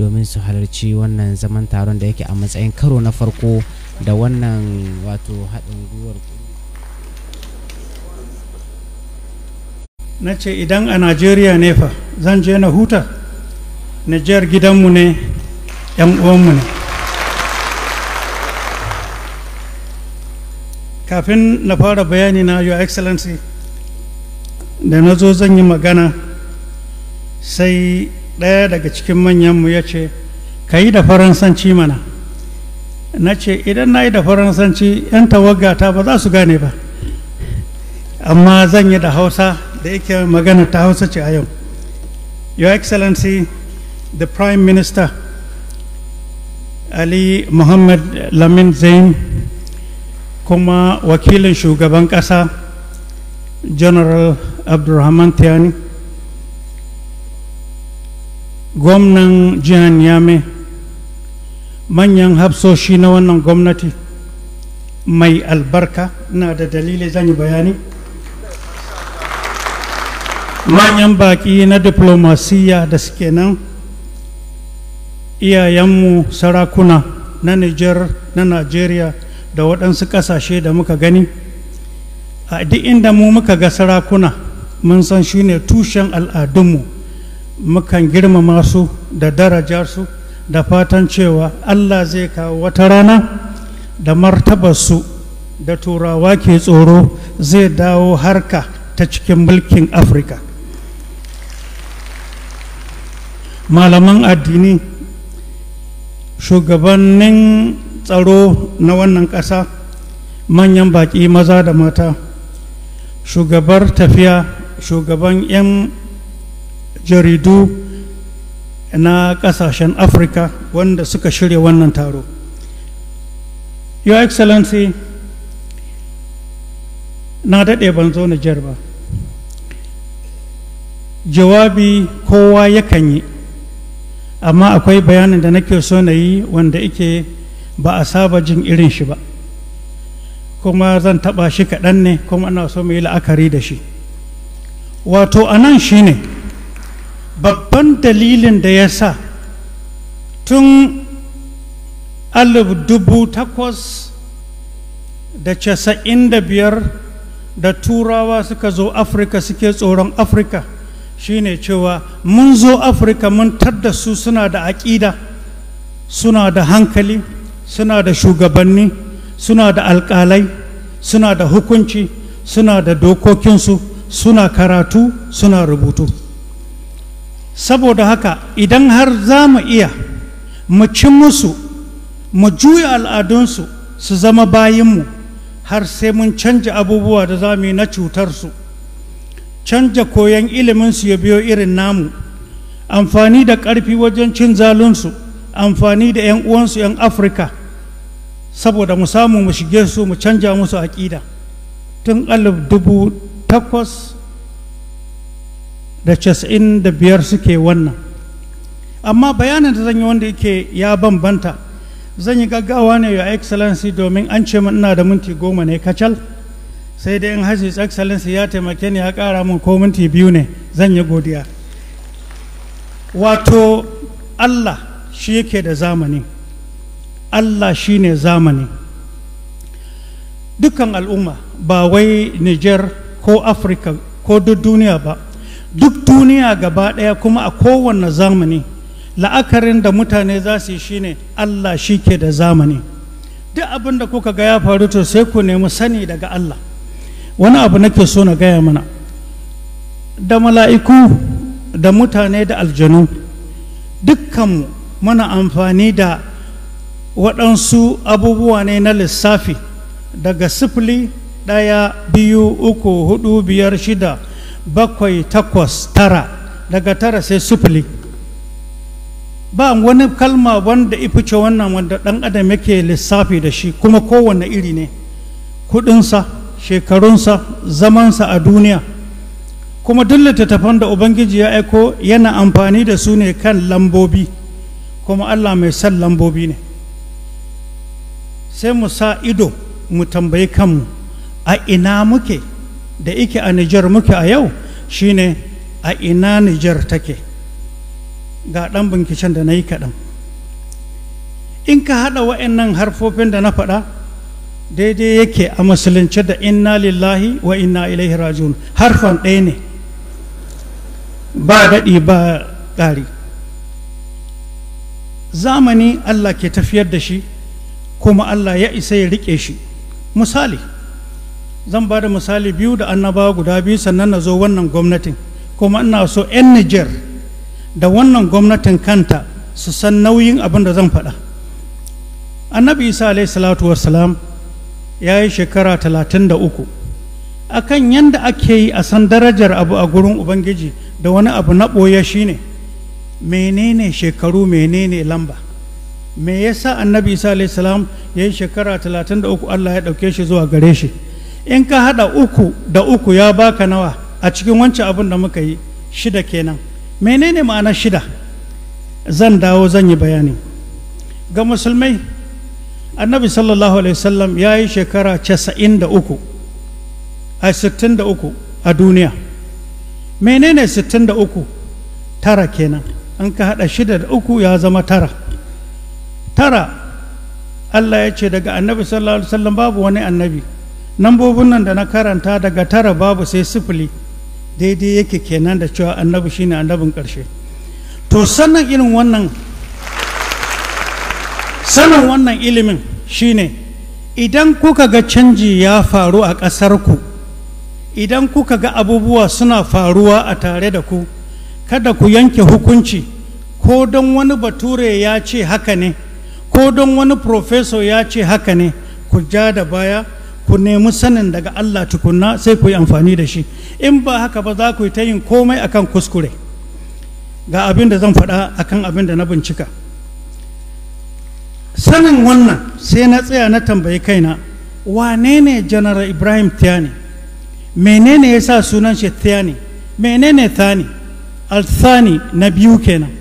domin su halarci wannan zaman taron da yake a matsayin karo na farko da wannan wato haɗin gwiwar na ce idan a najeriya ne fa zan je na huta nijar gidanmu ne 'yan uwanmu ne kafin na fara bayani na your excellency da na zo zan yi magana sai ɗaya daga cikin manyanmu ya ce ka yi da faransanci mana na ce idan na yi da faransanci 'yan tawagata ba za su gane ba amma zan yi da hausa da yake magana ta hausa ce a yau your excellency the prime minister ali muhammad lamin zain kuma wakilin shugaban ƙasa general abdulrahman tiani gwamnan jihan yame manyan hafsoshi na wannan gwamnati mai albarka na da dalili zan yi bayani manyan baki na diplomasiya da suke nan iyayenmu sarakuna na niger na nigeria da waɗansu ƙasashe da muka gani a duk inda mu muka ga sarakuna mun san shine tushen al'adunmu mukan girmama su da daraja su da fatan cewa allah zai kawo wata rana da martabarsu da turawa ke tsoro zai dawo harka ta cikin mulkin afirka malaman addini shugabannin tsaro na wannan ƙasa manyan baƙi maza da mata shugabar tafiya shugaban 'yan jaridu na kasashen afirka wanda suka shirya wannan taro your excellency na daɗe ban zo Nijar ba jawabi kowa yakan yi amma akwai bayanin da nake so na yi wanda ike ba a saba jin irin shi ba kuma zan taɓa shi kaɗan ne kuma ana so mu yi la'akari da shi wato anan nan shi ne babban dalilin da ya sa tun takwas da casa'in da biyar da turawa suka zo afirka suke tsoron afirka shine cewa mun zo afirka mun tadda su suna da aƙida suna da hankali suna da shugabanni suna da alƙalai suna da hukunci suna da dokokinsu suna karatu suna rubutu saboda haka idan har za mu iya mu ci musu mu juya al'adunsu su zama bayinmu har sai mun canja abubuwa da za mu yi na cutarsu canja koyon iliminsu ya biyo irin namu amfani da ƙarfi wajen cin zalunsu amfani da 'yan uwansu 'yan afirka saboda mu samu mu shige su mu canja musu aƙida tun alif dubu takwas da casa'in da biyar suke wannan amma bayanin da zan yi wanda yake ya bambanta zan yi gaggawa ne yi excellency domin an ce min ina da minti goma ne kacal sai dai in hajji excellency ya taimake ni ya kara min ko minti biyu ne zan yi godiya wato allah shi yake da zamani allah shi ne zamani dukkan al'umma ba wai niger ko afirka ko duk duniya ba duk duniya gaba ɗaya kuma a kowane zamani la'akarin da mutane za su yi shine Allah shi ke da zamani duk abin da kuka ga ya faru to sai ku nemi sani daga Allah wani abu nake so na gaya mana da mala'iku da mutane da aljanu dukkanmu mana amfani da waɗansu abubuwa ne na lissafi daga sifili ɗaya biyu uku hudu biyar shida bakwai takwas tara daga tara sai sufuli ba wani kalma wanda ifice wannan wanda ɗan adam yake lissafi da shi kuma kowane iri ne kudinsa shekarunsa zamansa a duniya kuma duk littattafan da ubangiji ya aiko yana amfani da su ne kan lambobi kuma allah mai san lambobi ne sai mu sa ido mu tambayi kanmu a ina muke da ike a Nijar muke a yau shine a ina Nijar take ga ɗan binkicen da na yi kaɗan in ka haɗa wa'annan harfofin da na faɗa daidai yake a musulunci da inna lillahi wa inna ilaihi rajiun harfan ɗaya ne ba daɗi ba ƙari zamani allah ke tafiyar da shi kuma allah ya isa ya riƙe shi misali zan ba da misali biyu da annaba guda biyu sannan na zo wannan gwamnatin kuma ina so 'yan niger da wannan gwamnatin kanta su san nauyin abin da zan faɗa annabi isa alaihi salatu wassalam ya yi shekara 33 akan yadda ake yi a san darajar abu a gurin ubangiji da wani abu na ɓoye shine menene shekaru menene lamba me yasa annabi isa alaihi salam ya yi shekara 33 allah ya ɗauke shi zuwa gare shi in ka hada uku da uku ya baka nawa a cikin wancan abin da muka yi shida kenan menene ma'ana shida zan dawo zan yi bayani ga musulmai annabi sallallahu alaihi wasallam ya yi shekara 93 a 63 a duniya menene 63 tara kenan in ka hada shida da uku ya zama tara tara allah ya ce daga annabi sallallahu alaihi wasallam babu wani annabi nambobin nan da na karanta daga tara babu sai sifili daidai yake kenan da cewa annabi shine annabin ƙarshe to sannan irin wannan sannan wannan ilimin shine idan kuka ga canji ya faru a ku, idan kuka ga abubuwa suna faruwa a tare da ku kada ku yanke hukunci ko don wani bature ya ce haka ne ko don wani profeso ya ce haka ne ku ja da baya ku nemi sanin daga Allah tukunna sai ku yi amfani da shi in ba haka ba za ku yi ta yin komai akan kuskure ga abin da zan faɗa akan abin da na bincika sanin wannan sai na tsaya na tambayi kaina wane ne janar ibrahim tiani menene ya sa sunan shi tiani menene thani althani na biyu kenan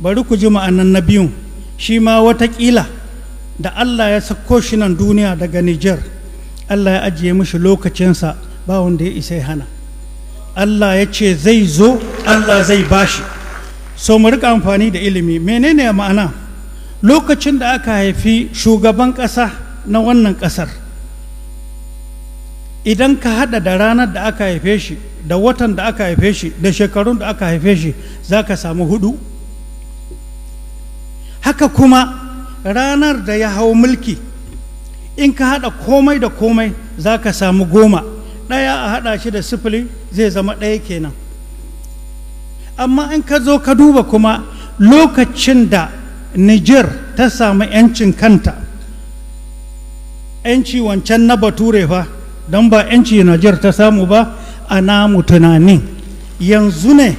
bari ku ji ma'anan na biyun shi ma watakila da allah ya sako shi nan duniya daga Nijar. Allah ya ajiye mishi lokacinsa ba wanda ya isa hana Allah ya ce zai zo Allah zai bashi so mu rika amfani da ilimi menene ma'ana lokacin da aka haifi shugaban ƙasa na wannan ƙasar idan ka hada da ranar da aka haife shi da watan da aka haife shi da shekarun da aka haife shi za ka samu hudu haka kuma ranar da ya hau mulki in ka haɗa komai da komai za ka samu goma ɗaya a haɗa shi da sifili zai zama ɗaya kenan amma in ka zo ka duba kuma lokacin da niger ta samu 'yancin kanta 'yanci wancan na bature fa don ba 'yanci niger ta samu ba a namu tunanin yanzu ne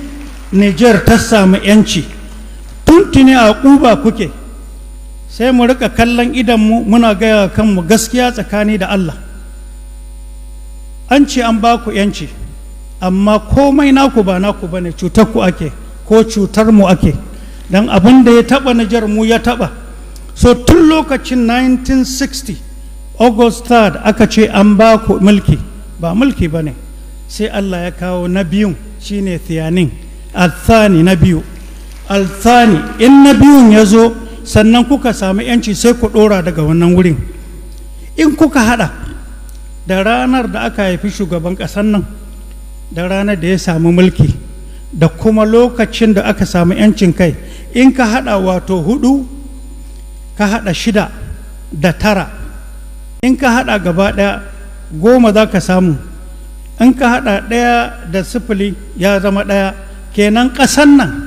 niger ta samu 'yanci tuntuni a kuba kuke sai mu rika kallon idanmu muna gaya kanmu gaskiya tsakani da Allah an ce an ba ku yanci amma komai naku ba naku bane cutar ku ake ko cutar mu ake dan abin da ya taba najar mu ya taba so tun lokacin 1960 august 3 aka ce an ba ku mulki ba mulki ba sai Allah ya kawo na biyun shine thiyanin al-thani na biyu al-thani in na biyun ya zo sannan kuka samu yanci sai ku ɗora daga wannan wurin in kuka haɗa da ranar da aka haifi shugaban ƙasar nan da ranar da ya samu mulki da kuma lokacin da aka samu yancin kai in ka haɗa wato hudu ka haɗa shida da tara in ka haɗa gaba ɗaya goma za ka samu in ka haɗa ɗaya da sifili ya zama ɗaya kenan ƙasan nan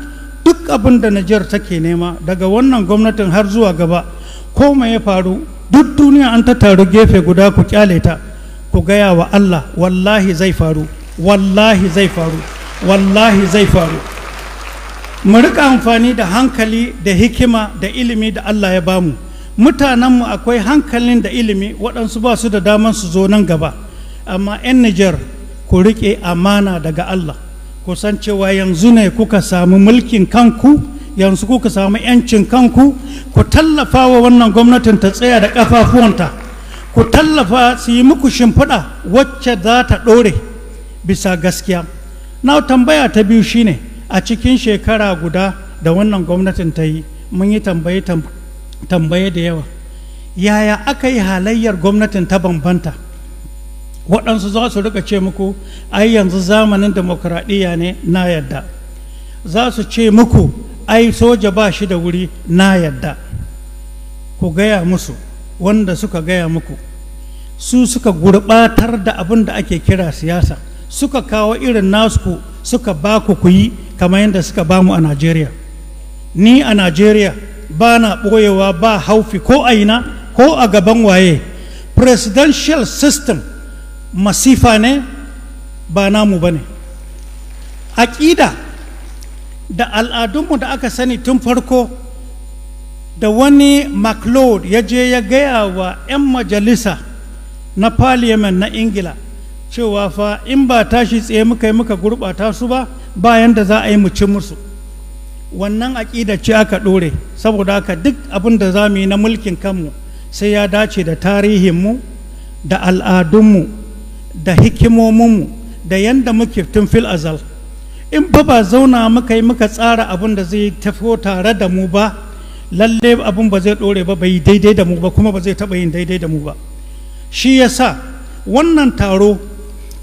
abin da Nijar take nema daga wannan gwamnatin har zuwa gaba ko mai ya faru duk duniya an ta taru gefe guda ku kyale ta ku gaya wa Allah wallahi zai faru wallahi zai faru wallahi zai faru mu rika amfani da hankali da hikima da ilimi da Allah ya bamu mutanenmu akwai hankalin da ilimi waɗansu ba su da damar su zo nan gaba amma 'yan Nijar ku riƙe amana daga Allah kusan cewa yanzu ne kuka samu mulkin kanku yanzu kuka samu 'yancin kanku ku tallafa wa wannan gwamnatin ta tsaya da ƙafafuwanta ku tallafa su yi muku shimfiɗa wacce za ta ɗore bisa gaskiya na tambaya ta biyu shine a cikin shekara guda da wannan gwamnatin ta yi mun yi tambaye da yawa yaya aka yi halayyar gwamnatin ta bambanta waɗansu za su rika ce muku ai yanzu zamanin demokuraɗiyya ne na yadda za su ce muku ai soja ba shi da wuri na yadda ku gaya musu wanda suka gaya muku su suka gurɓatar da abin da ake kira siyasa suka kawo irin nasu suka ba ku ku yi kamar yadda suka ba mu a najeriya ni a najeriya ba na ɓoyewa ba haufi ko a ina ko a gaban waye presidential system masifa ne ba namu ba ne aƙida da al'adunmu da aka sani tun farko da wani macleod ya je ya gaya wa 'yan majalisa na parliament na ingila cewa fa in ba tashi tsaye muka yi muka gurɓata su ba bayan da za a yi mu ci musu wannan aƙida ce aka ɗore saboda haka duk abin da za mu yi na mulkin kanmu sai ya dace da tarihinmu da al'adunmu da hikimominmu da yanda muke tun fil azal in ba ba zauna muka yi muka tsara abin da zai tafiyo tare da mu ba lalle abin ba zai ɗore ba bai daidai da mu ba kuma ba zai taɓa yin daidai da mu ba shi ya sa wannan taro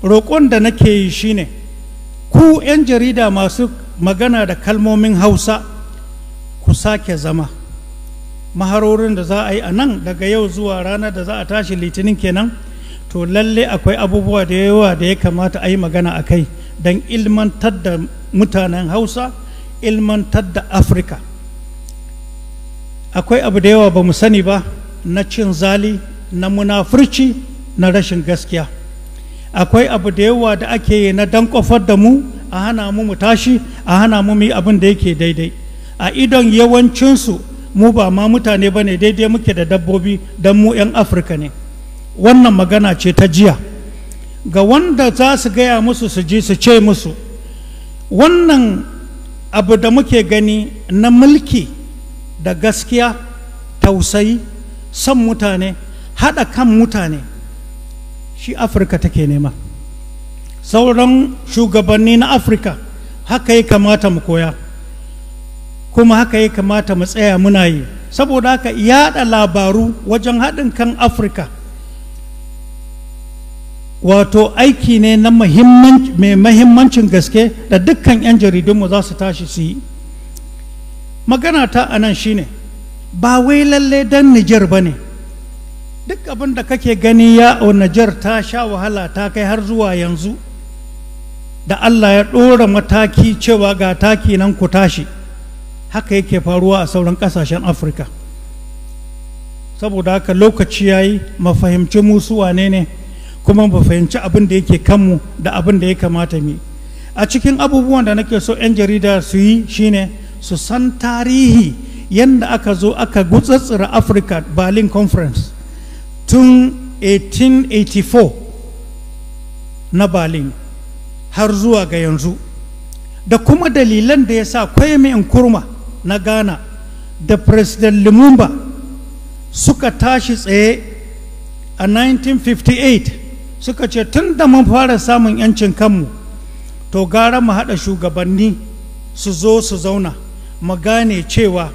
roƙon da nake yi shi ne ku 'yan jarida masu magana da kalmomin hausa ku sake zama maharorin da za a yi a nan daga yau zuwa ranar da za a tashi litinin kenan to lalle akwai abubuwa da yawa da ya kamata a yi magana a kai don ilmantar da mutanen hausa ilmantar da afirka akwai abu da yawa ba mu sani ba na cin zali na munafurci na rashin gaskiya akwai abu da yawa da ake yi na dan da mu a hana mu mu tashi a hana mu mu abin da yake daidai a idon yawancinsu mu ba ma mutane ba ne daidai muke da dabbobi don mu 'yan afirka ne wannan magana ce ta jiya ga wanda za su gaya musu su ji su ce musu wannan abu da muke gani na mulki da gaskiya tausayi son mutane haɗa kan mutane shi afirka take nema sauran shugabanni na afirka haka ya kamata mu koya kuma haka ya kamata mu tsaya muna yi saboda haka yaɗa labaru wajen haɗin kan afirka wato aiki ne na mai mahimmancin gaske da dukkan 'yan jaridunmu za su tashi su yi magana ta a nan shi ne. ba wai lalle don nijar ba ne duk abin da kake gani ya o nijar ta sha wahala ta kai har zuwa yanzu da allah ya ɗora mataki cewa ga taki nan ku tashi haka yake faruwa a sauran ƙasashen afirka saboda haka lokaci ya yi mafahimci musu ne ne kuma ba fahimci abin da yake kanmu da abin da ya kamata mu a cikin abubuwan da nake so 'yan jarida su yi shine su san tarihi yadda aka zo aka gutsatsira afirka berlin conference tun 1884 na berlin har zuwa ga yanzu da kuma dalilan da ya sa kwayame kurma na ghana da president lumumba suka tashi tsaye a 1958 suka ce tun da mun fara samun 'yancin kanmu to gara mu haɗa shugabanni su zo su zauna mu gane cewa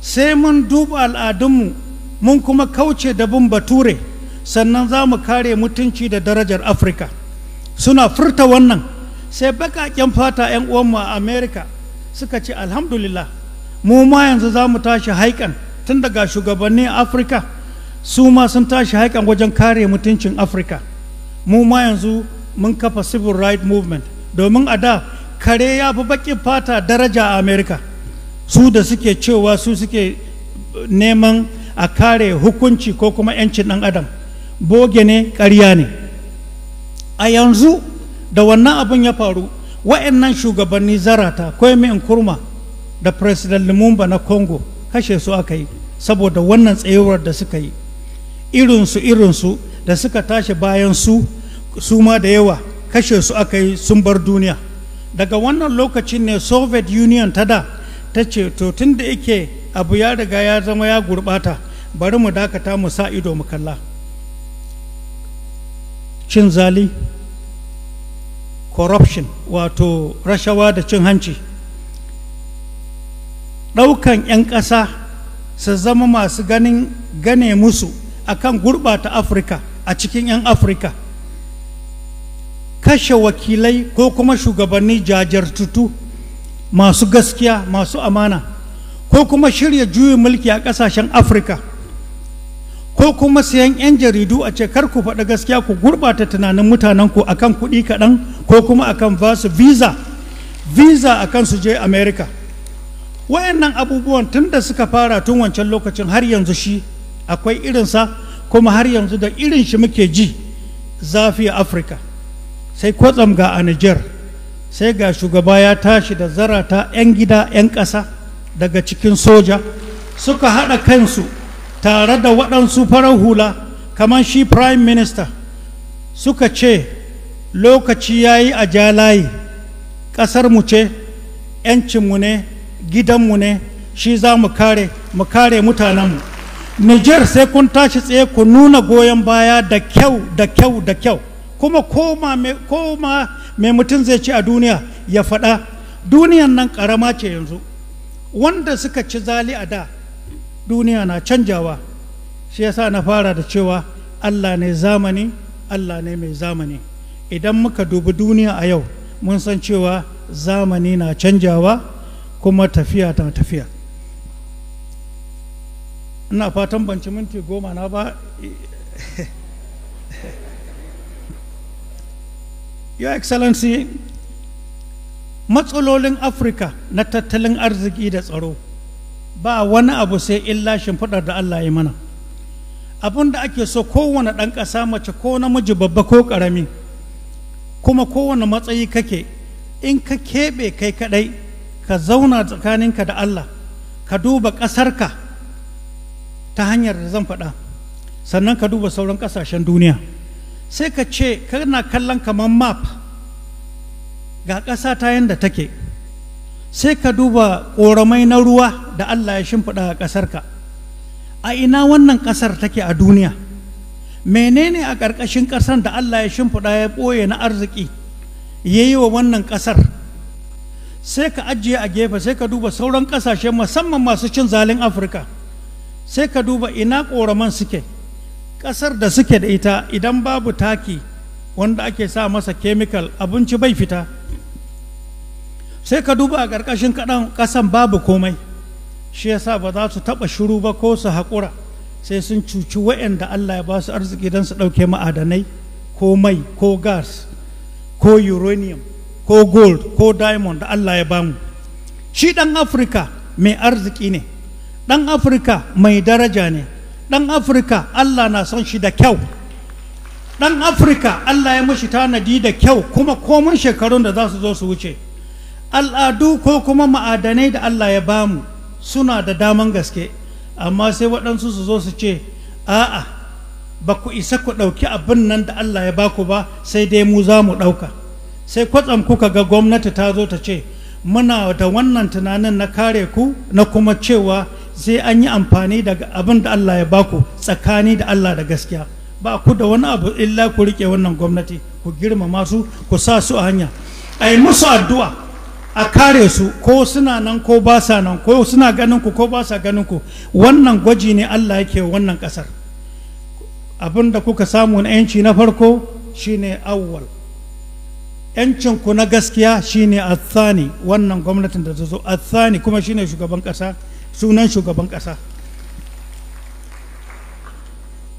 sai mun duba al'adunmu mun kuma kauce da bin bature sannan za mu kare mutunci da darajar afirka suna furta wannan sai baƙaƙen fata 'yan uwanmu a amerika suka ce alhamdulillah mu ma yanzu za mu tashi haikan tun daga shugabanni afirka su ma sun tashi haikan wajen kare mutuncin afirka mu ma yanzu mun kafa civil rights movement domin a da kare ya fi baƙin fata daraja a america su da suke cewa su suke neman a kare hukunci ko kuma 'yancin ɗan adam boge ne ƙarya ne a yanzu da wannan abin ya faru wa'annan shugabanni zarata kwemi kurma da president lumumba na congo kashe su aka yi saboda wannan tsayuwar da suka yi irinsu irinsu da suka tashi bayan su su ma da yawa kashe su aka yi sun bar duniya daga wannan lokacin ne soviet union ta da ta ce to tun da yake abu ya riga ya zama ya gurbata bari mu dakata mu sa ido mu kalla cin zali corruption wato rashawa da cin hanci ɗaukan 'yan ƙasa su zama masu ganin gane musu akan gurɓata afirka a cikin 'yan afirka kashe wakilai ko kuma shugabanni jajartutu masu gaskiya masu amana ko kuma shirya juyin mulki a ƙasashen afirka ko kuma sayan 'yan jaridu a ce kar ku faɗa gaskiya ku gurɓata tunanin mutanen ku akan kuɗi kaɗan ko kuma akan basu visa visa akan kan su je america wayannan abubuwan tun da suka fara tun wancan lokacin har yanzu shi akwai irinsa kuma har yanzu da irin shi muke ji zafi a afirka sai kwatsam ga a niger sai ga shugaba ya tashi da zarata 'yan gida 'yan ƙasa daga cikin soja suka haɗa kansu tare da waɗansu farar hula kamar shi prime minister suka ce lokaci ya yi a jalayi ƙasarmu ce 'yancinmu ne gidanmu ne shi za mu kare mu kare mutanenmu niger sai kun tashi tsaye ku nuna goyon baya da kyau da kyau da kyau kuma koma mai mutum zai ci a duniya ya faɗa duniyan nan ƙarama ce yanzu wanda suka ci zali a da duniya na canjawa shi yasa na fara da cewa allah ne zamani allah ne mai zamani idan muka dubi duniya a yau mun san cewa zamani na canjawa kuma tafiya ta tafiya ina fatan banci minti goma na ba your excellency matsalolin afirka na tattalin arziki da tsaro ba wani abu sai illa shimfiɗar da allah ya mana abin da ake so kowane ɗan ƙasa mace ko namiji babba ko ƙarami kuma kowane matsayi kake in ka keɓe kai kaɗai ka zauna tsakaninka da allah ka duba ƙasarka ta hanyar da zan faɗa sannan ka duba sauran ƙasashen duniya sai ka ce kana kallon kamar map ga ƙasa ta yadda take sai ka duba ƙoramai na ruwa da allah ya shimfiɗa a ƙasarka a ina wannan ƙasar take a duniya menene a ƙarƙashin ƙasar da allah ya shimfiɗa ya ɓoye na arziki ya yi wa wannan ƙasar sai ka ajiye a gefe sai ka duba sauran ƙasashe musamman masu cin zalin afirka sai ka duba ina ƙoraman suke ƙasar da suke da ita idan babu taki wanda ake sa masa kemikal abinci bai fita sai ka duba a ƙarƙashin kaɗan ƙasan babu komai shi ya sa ba za su taɓa shiru ba ko su haƙura sai sun cuci waɗanda allah ya ba su arziki don su ɗauke ma'adanai ko mai ko gas ko uranium ko gold ko diamond da allah ya ba mu shi ɗan afirka mai arziki ne ɗan afirka mai daraja ne ɗan afirka allah na son shi da kyau ɗan afirka allah ya mashi tanadi da kyau kuma komai shekarun da za su zo su wuce al'adu ko kuma ma'adanai da allah ya bamu suna da daman gaske amma sai waɗansu su zo su ce a'a ba ku isa ku ɗauki abin nan da allah ya baku ba sai dai mu za mu ɗauka sai kwatsam kuka ga gwamnati ta zo ta ce muna da wannan tunanin na kare ku na kuma cewa sai an yi amfani daga abin da Allah ya baku tsakani da Allah da gaskiya ba ku da wani abu illa ku rike wannan gwamnati ku girmama su ku sa su a hanya a yi musu addu'a a kare su ko suna nan ko ba sa nan ko suna ganin ku ko ba sa ganin ku wannan gwaji ne Allah yake wannan kasar abin da kuka samu na yanci na farko shine awwal yancin ku na gaskiya shine athani wannan gwamnatin da ta zo athani kuma shine shugaban kasa sunan shugaban ƙasa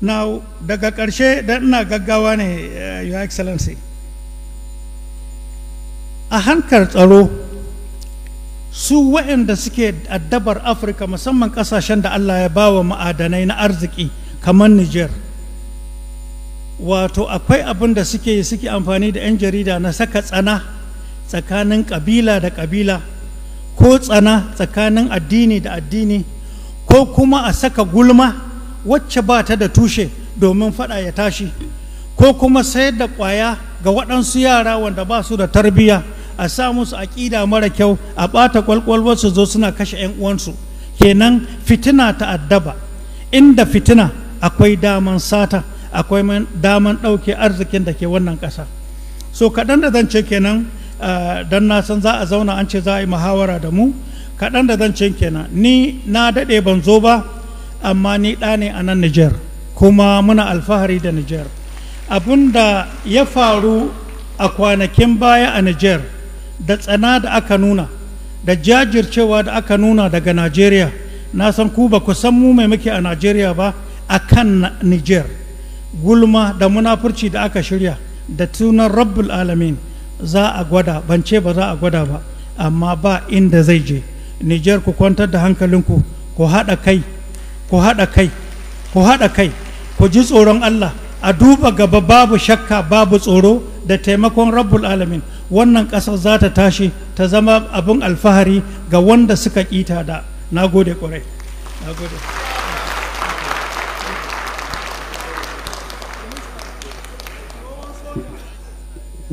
now daga ƙarshe da ina gaggawa ne eh, your excellency a hankar tsaro su waɗanda suke addabar afirka musamman ƙasashen da allah ya ba wa ma'adanai na arziki kamar niger wato akwai abin da suke suke amfani da 'yan jarida na saka tsana tsakanin ƙabila da ƙabila ko tsana tsakanin addini da addini ko kuma a saka gulma wacce ba ta da tushe domin fada ya tashi ko kuma sayar da kwaya ga waɗansu yara wanda ba su da tarbiyya a sa musu aƙida mara kyau a ɓata su zo suna kashe 'yan uwansu kenan fitina ta addaba inda fitina akwai daman sata akwai daman ɗauke arzikin da ke wannan ƙasa so kaɗan da zan ce kenan Eh, dan na san za a zauna an ce za a yi muhawara da mu kaɗan da zan cin kenan ni na daɗe ban zo ba amma ni ɗa ne a nan Nijar kuma muna alfahari da Nijar abin da ya faru a kwanakin baya a Nijar da tsana da aka nuna da jajircewa da aka nuna daga Najeriya na san ku ba ku san mu mai muke a Najeriya ba a kan Nijar gulma da munafurci da aka shirya da tunan rabbul alamin za a gwada ban ce ba za a gwada ba amma ba inda zai je niger ku kwantar da hankalinku ku haɗa kai ku haɗa kai ku haɗa kai ku ji tsoron allah a duba gaba babu shakka babu tsoro da taimakon rabbul alamin wannan ƙasar za ta tashi ta zama abin alfahari ga wanda suka ƙita da na gode ƙwarai na gode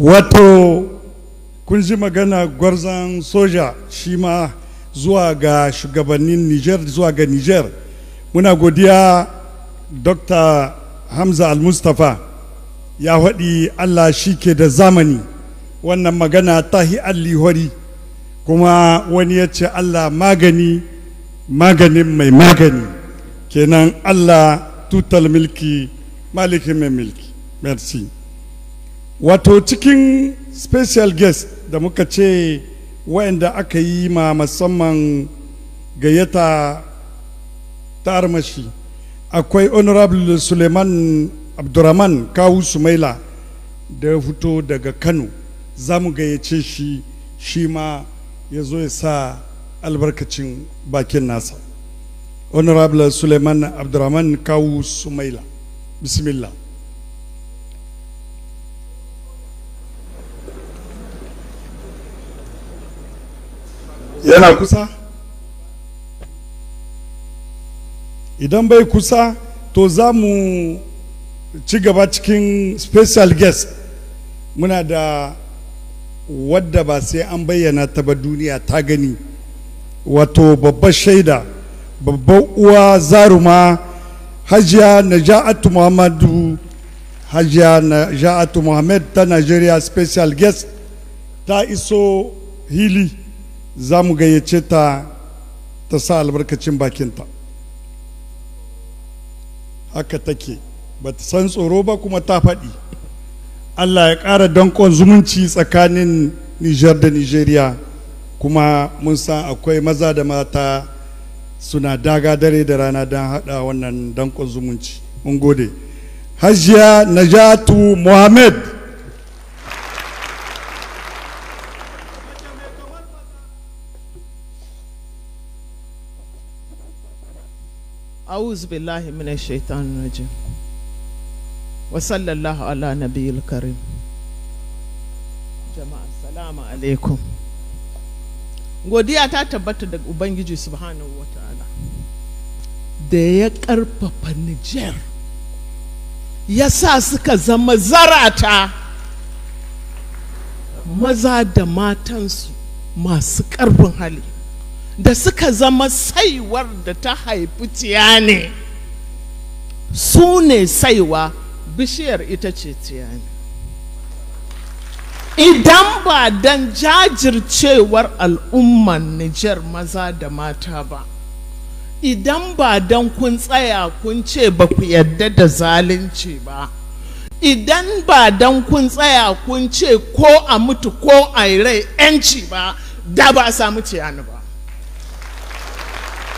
wato kun ji magana gwarzon soja shi ma zuwa ga shugabannin niger zuwa ga niger muna godiya dr hamza al-mustapha ya haɗi allah shi ke da zamani wannan magana ta hi allihori kuma wani ya ce allah magani maganin mai magani kenan allah tutal milki malikin mai milki merci wato cikin special guest da muka ce wa'anda aka yi ma musamman gayyata ta armashi akwai honorable suleiman abdurrahman kawu sumaila da ya fito daga kano za mu gayyace shi shi ma ya zo ya sa albarkacin bakin nasa honorable suleiman abdurrahman kawu sumaila bismillah yana kusa idan bai kusa to za mu ci gaba cikin special guest muna da wadda ba sai an bayyana ta ba duniya ta gani wato babbar shaida babbar uwa zaruma hajiya naja'atu muhammadu hajiya naja'atu muhammad ta nigeria special guest ta iso hili za mu gayyace ta ta sa albarkacin bakinta haka take ba ta san tsoro ba kuma ta faɗi allah ya ƙara danƙon zumunci tsakanin nijar da nigeria kuma mun san akwai maza da mata suna daga dare da rana don haɗa wannan dankon zumunci mun gode hajiya najatu mohamed أعوذ بالله من الشيطان الرجيم وصلى الله على نبي الكريم jama'a salamu alaikum godiya ta tabbata daga ubangiji subhanahu wa ta'ala da ya karfafa Nijar ya sa suka zama zarata maza da matansu masu karfin hali da suka zama saiwar da ta haifi tiyani su ne saiwa bishiyar ita ce tiyani idan ba don jajircewar al'umman nijar maza da mata ba idan ba don kun tsaya kun ce ba ku yadda da zalunci ba idan ba don kun tsaya kun ce ko a mutu ko a rai 'yanci ba da ba a samu ciyani ba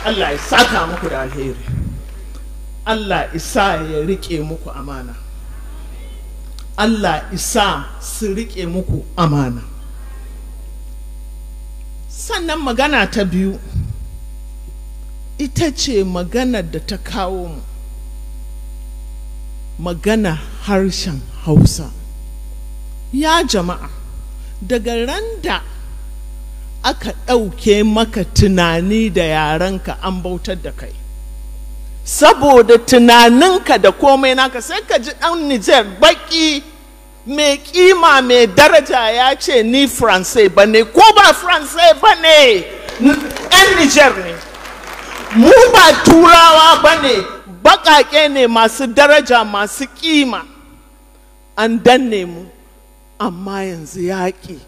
Allah ya saka muku da alheri Allah isa ya rike muku amana Allah isa su rike muku amana sannan magana ta biyu ita ce magana da ta kawo mu magana harshen hausa ya jama'a daga randa aka ɗauke maka tunani da yarenka an bautar da kai saboda tunaninka da komai naka sai ka ji ɗan Nijar baƙi mai ƙima mai daraja ya ce ni faransai ba ne ko ba faransai ba ne ɗan nijar ne mu ba turawa ba ne baƙaƙe ne masu daraja masu ƙima an danne mu amma yanzu yaƙi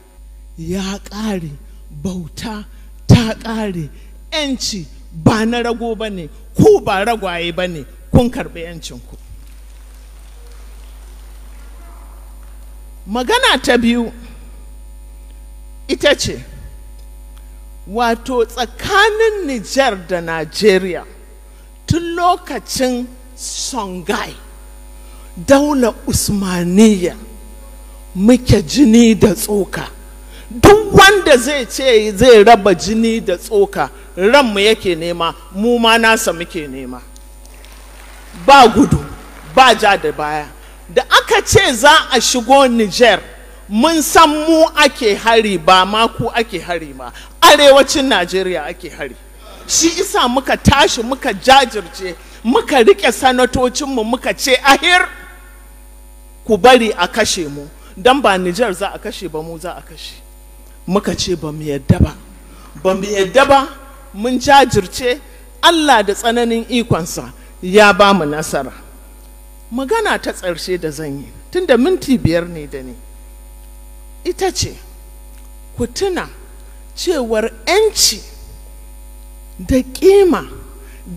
ya ƙare bauta ta ƙare yanci ba na rago ba ne ku ba ragwaye ba ne kun karɓi yancinku magana ta biyu ita ce wato tsakanin nijar da najeriya tun lokacin songhai daula usmaniya muke jini da tsoka duk wanda zai ce zai raba jini da tsoka ranmu yake nema mu ma nasa muke nema ba gudu ba ja da baya da aka ce za a shigo niger mun san mu ake hari ba ma ku ake hari ma arewacin najeriya ake hari shi isa muka tashi muka jajirce muka rike sanatocinmu muka ce ahir ku bari a kashe mu don ba niger za a kashe ba mu za a kashe muka ce ba mu yadda ba ba mu yadda ba mun jajirce allah da tsananin ikonsa ya ba mu nasara magana ta tsarshe da zan yi tunda minti biyar ne da ni ita ce ku tuna cewar 'yanci da kima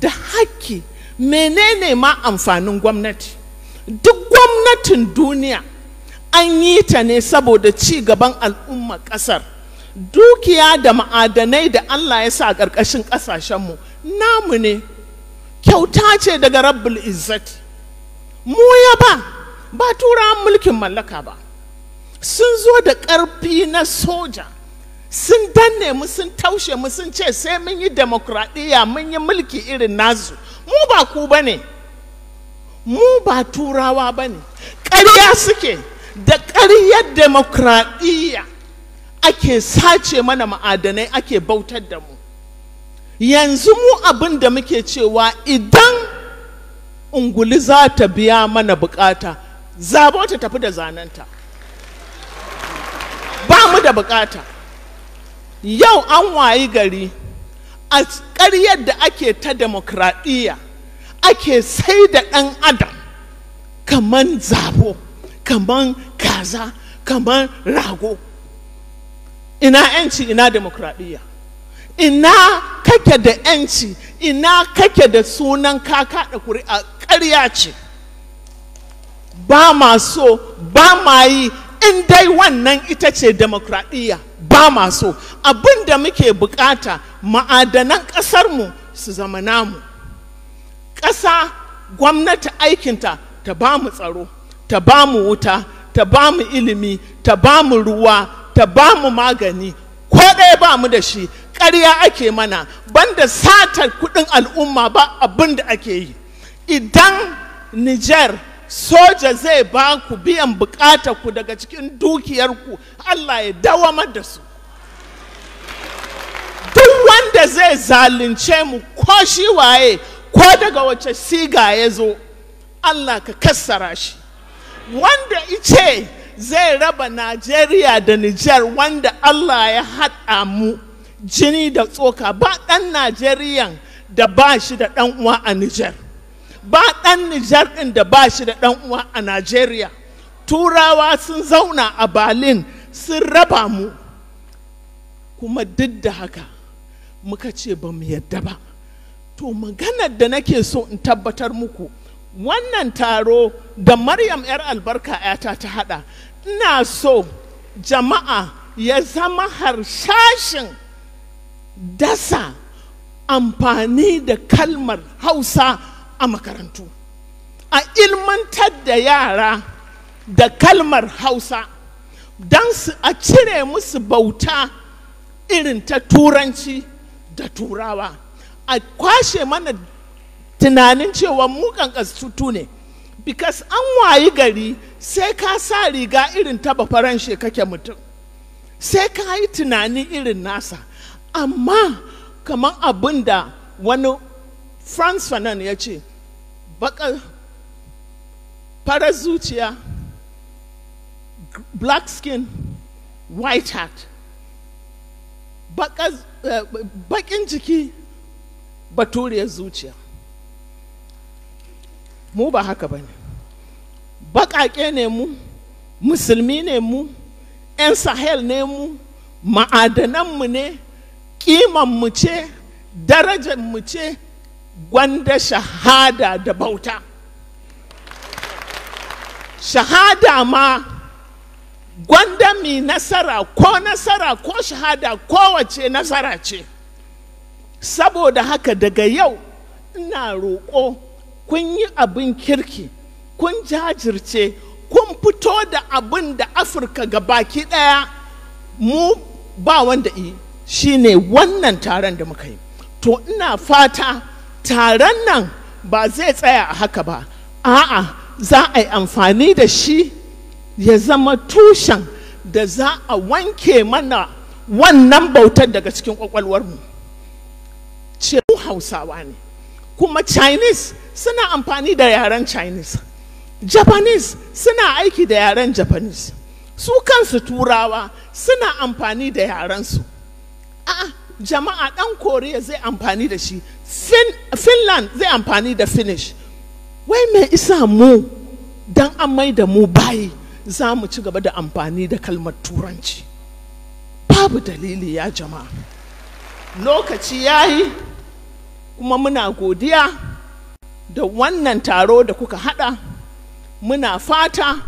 da haƙƙi menene ma amfanin gwamnati duk gwamnatin duniya an yi ta ne saboda ci gaban al'ummar ƙasar dukiya da ma'adanai da Allah ya sa a ƙarƙashin ƙasashenmu namu ne kyauta ce daga rabbul izzati mu ya ba ba turawan mulkin mallaka ba sun zo da ƙarfi na soja sun danne mu sun taushe mu sun ce sai mun yi demokradiyya mun yi mulki irin nasu mu ba ku ba ne mu ba turawa ba ne ƙarya suke da ƙaryar demokradiyya ake sace mana ma'adanai ake bautar da mu yanzu mu abin da muke cewa idan unguli za ta biya mana bukata zabo ta tafi da zananta ba mu da bukata yau an wayi gari a ƙaryar da ake ta demokradiyya ake sai da ɗan adam kaman zabo kaman kaza kaman rago ina yanci ina demokradiyya ina kake da yanci ina kake da sunan kaka da kuri'a ƙarya ce ba ma so ba ma yi in dai wannan ita ce demokradiyya ba ma so abin da muke bukata ma'adanan ƙasarmu su zama namu ƙasa gwamnati aikinta ta ba mu tsaro ta ba mu wuta ta ba mu ilimi ta ba mu ruwa ta ba mu magani ko ɗaya ba mu da shi ƙarya ake mana banda satar kuɗin al'umma ba abin da ake yi idan niger soja zai ba ku biyan buƙatar ku daga cikin dukiyarku allah ya dawamar da su duk wanda zai zalunce mu ko shi waye ko daga wace siga ya zo allah ka kassara shi wanda ice zai raba najeriya da nijar wanda allah ya haɗa mu jini da tsoka ba ɗan Najeriya da ba shi da ɗan uwa a nijar ba ɗan nijar ɗin da ba shi da ɗan uwa a najeriya turawa sun zauna a berlin sun raba mu kuma duk da haka muka ce ba mu yadda ba to maganar da nake so in tabbatar muku wannan taro da maryam 'yar albarka 'yata ta hada ina so jama'a ya zama harshashin dasa amfani da kalmar hausa a makarantu a ilmantar da yara da kalmar hausa don a cire musu bauta irin ta turanci da turawa a kwashe mana tunanin cewa mu kankastutu ne because an wayi gari sai ka sa riga irin taba faranshe kake mutum sai ka yi tunani irin nasa amma kamar abin da wani frans fanon ya ce bakar farar zuciya black skin white hat bakin eh, jiki baturiyar zuciya mu ba haka ba ne baƙaƙe ne mu musulmi ne mu 'yan sahel ne mu ma'adananmu ne mu ce mu ce gwanda shahada da bauta shahada ma gwanda mi nasara ko nasara ko shahada kowace nasara ce saboda haka daga yau ina roƙo kun yi abin kirki kun jajirce kun fito da abin da afirka ga baki ɗaya mu ba wanda shi shine wannan taron da muka yi to ina fata taron nan ba zai tsaya a haka ba a'a za a yi amfani da shi ya zama tushen da za a wanke mana wannan bautar daga cikin kwakwalwarmu ce hausawa ne kuma chinese suna amfani da yaren chinese japanese suna aiki da yaren japanese su kansu turawa suna amfani da yarensu a jama'a dan korea zai amfani da shi fin, finland zai amfani da finnish wai mai isa mu dan an mai da mu bayi za mu ci gaba da amfani da kalmar turanci babu dalili ya jama'a lokaci ya yi kuma muna godiya da wannan taro da kuka hada muna fata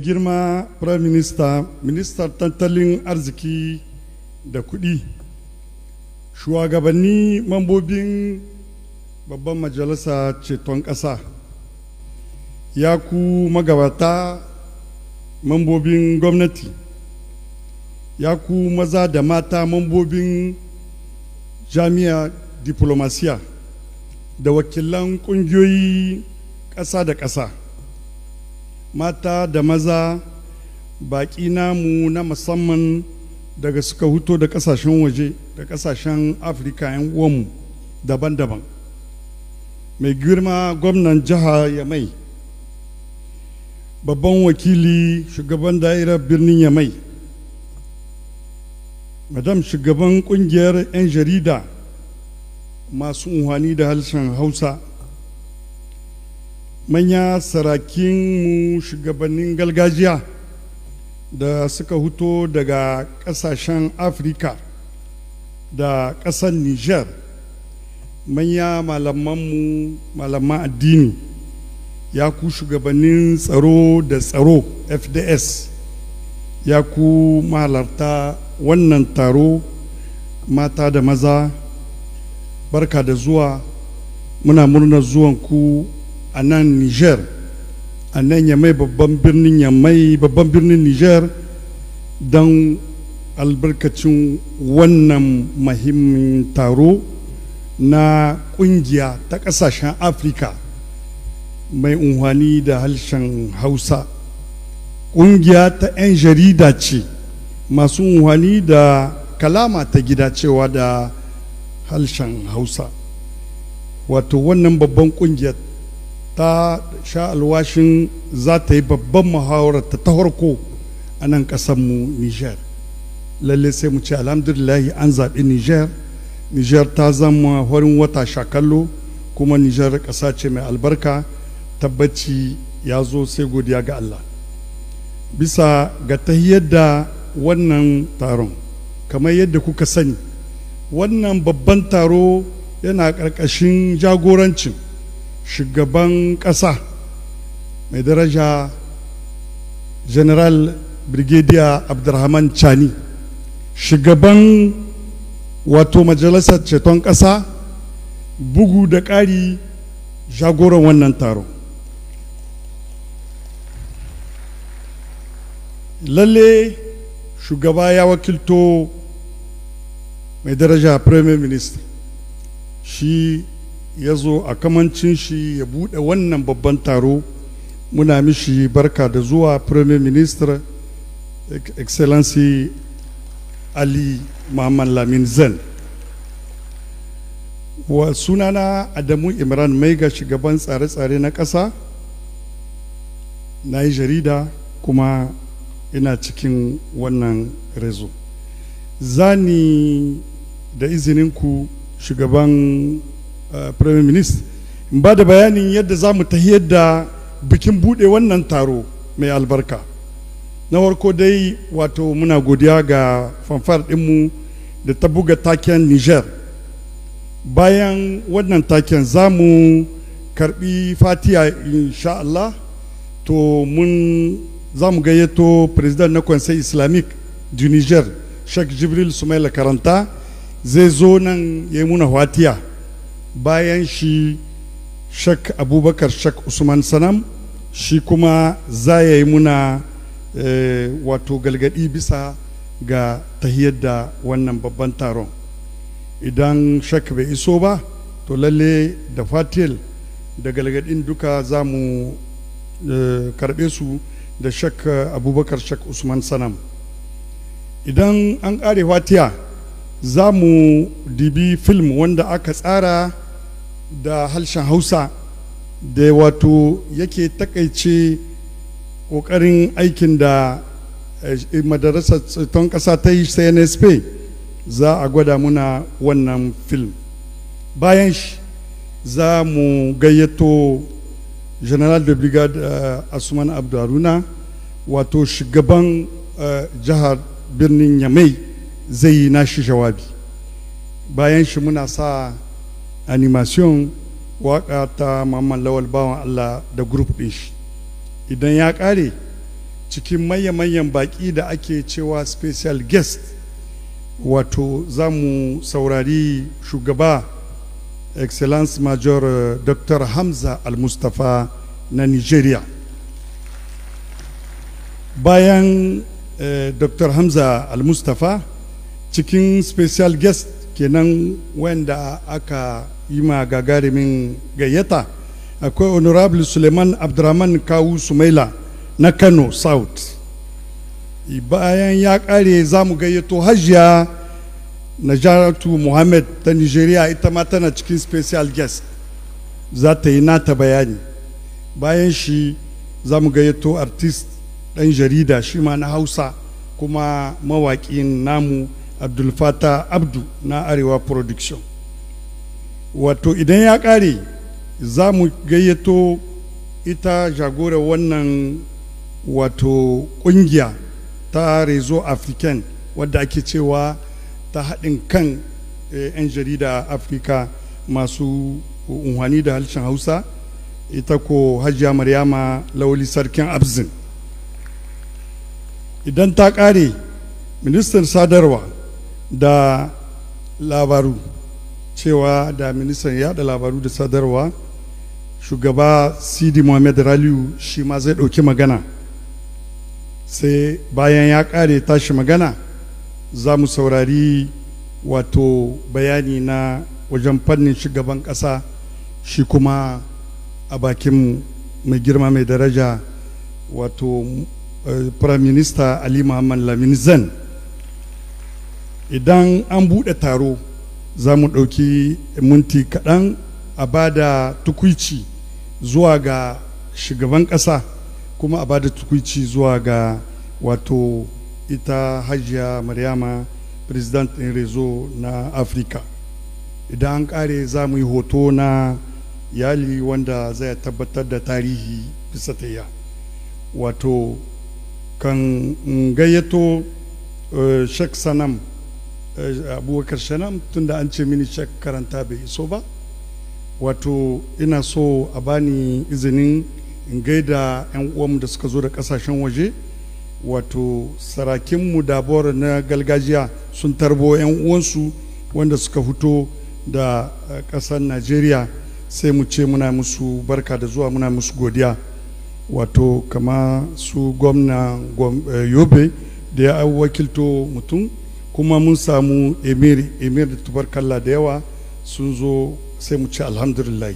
girma prime minister minister tattalin arziki da kuɗi shugabanni mambobin babban majalisa ceton ƙasa ya ku magabata mambobin gwamnati ya ku maza da mata mambobin jami'a diplomasiya da wakilan ƙungiyoyi ƙasa da ƙasa mata da maza baƙi namu na musamman daga suka huto da ƙasashen waje da ƙasashen afirka 'yan uwanmu daban-daban mai girma gwamnan jiha yamai babban wakili shugaban da'irar birnin yamai madam shugaban kungiyar 'yan jarida masu unhani da harshen hausa manya mu shugabannin galgajiya da suka huto daga kasashen afirka da ƙasar niger manya malamanmu malaman addini ya ku shugabannin tsaro da tsaro fds ya ku mahalarta wannan taro mata da maza barka da zuwa muna murnar zuwanku a nan niger a nan yamai babban birnin yamai babban birnin niger don albarkacin wannan mahimmin taro na kungiya ta kasashen afirka mai unhwani da harshen hausa kungiya ta 'yan jarida ce masu unhwani da kalama ta gida cewa da harshen hausa wato wannan babban kungiyar ta sha alwashin za ta yi babban muhawarar ta ta harko a nan kasanmu niger lalle sai mu ce alhamdulillahi an zaɓi niger nijar ta zama horin wata shakallo kuma nijar ƙasa ce mai albarka tabbaci ya zo sai godiya ga allah bisa ga tahiyar yadda wannan taron kamar yadda kuka sani wannan babban taro yana ƙarƙashin jagorancin shugaban ƙasa mai daraja general brigadier abdulrahman chani shugaban wato majalisar ceton ƙasa bugu da ƙari jagoran wannan taro lalle shugaba ya wakilto mai daraja premier minister shi ya zo a kamancin shi ya buɗe wannan babban taro muna mishi barka da zuwa premier minister excellency ali muhammad lamin Zen. wa sunana adamu imran mai ga shugaban tsare-tsare na ƙasa na yi jarida kuma ina cikin wannan rezo zani da izininku shugaban uh, prime minister in ba da bayanin yadda za mu tahiyar da bikin buɗe wannan taro mai albarka na warko dai wato muna godiya ga fanfar ɗinmu da ta buga taken niger bayan wannan taken za mu karbi fatiya insha Allah to mun za mu gayyato president na conseil islamic du niger sheikh jibril sumaila karanta zai zo nan ya yi muna fatiya bayan shi sheikh abubakar sheikh usman sanam shi kuma za ya yi muna Eh, wato galgadi bisa ga tahiyar da wannan babban taron idan shak bai iso ba to lalle da fatil da galgadin duka za mu eh, karbe su da shak abubakar shak usman sanam idan an kare fatiya za mu dibi film wanda aka tsara da harshen hausa da wato yake takaice ƙoƙarin aikin da eh, madarasar ton ƙasa ta yi cnsp za a gwada muna wannan film bayan shi za mu gayyato general da brigade uh, asuman abdu wato shugaban eh, jihar birnin yamai zai yi nashi jawabi bayan shi muna sa animation waƙa ta mamman lawal bawan allah da group din shi idan ya ƙare cikin manya-manyan baƙi da ake cewa special guest wato za mu saurari shugaba excellence major eh, dr hamza al mustafa na nigeria bayan eh, dr hamza al mustafa cikin special guest kenan wanda aka yi ma gagarumin gayyata akwai honorable suleiman abdurrahman kawu sumaila na kano south bayan ya kare za mu gayyato hajiya najaratu muhammad ta nigeria ita ma tana cikin special guest za ta yi nata bayani bayan shi za mu gayyato artist ɗan jarida shi ma na hausa kuma mawaƙin namu abdulfata abdu na arewa production wato idan ya kare. za mu gayyato ita jagora wannan wato ƙungiya ta rezo african wadda ake cewa ta haɗin kan eh, 'yan jarida afirka masu unhani da halshen hausa ita ko hajiya maryama lauli sarkin abzin idan ta ƙare ministan sadarwa da labaru cewa da ministan yada labaru da sadarwa shugaba sidi muhammad raliu shi ma zai ɗauki magana sai bayan ya ƙare tashi magana za mu saurari wato bayani na wajen fannin shugaban ƙasa shi kuma a bakin mai girma mai daraja wato eh, prime minister ali muhammad lamin zan idan an buɗe taro za mu ɗauki minti kaɗan a ba da tukwici zuwa ga shugaban ƙasa kuma a bada tukuici zuwa ga wato ita hajiya maryama president in rezo na afirka idan an ƙare za mu yi hoto na yali wanda zai tabbatar da tarihi bisa ta iya wato kan gayyato eh, shek sanam eh, abubakar sanam tunda an ce mini shek karanta bai iso ba wato ina so a bani izinin in gaida 'yan uwanmu da suka zo da kasashen waje wato sarakinmu bora na galgajiya sun tarbo 'yan uwansu wanda suka fito da eh, ƙasar najeriya sai mu ce muna musu barka da zuwa muna musu godiya wato kama su gwamna eh, yobe da ya wakilto mutum kuma mun samu emir emir da tubarkalla da yawa sun zo sai mu ce alhamdulillah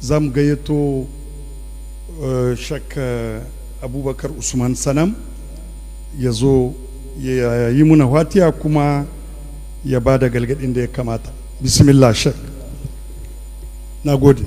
za mu gayyato eh, shakka eh, abubakar usman sanam ya zo ya yi muna watiya kuma ya ba da galgadin da ya kamata bismillah shak na gode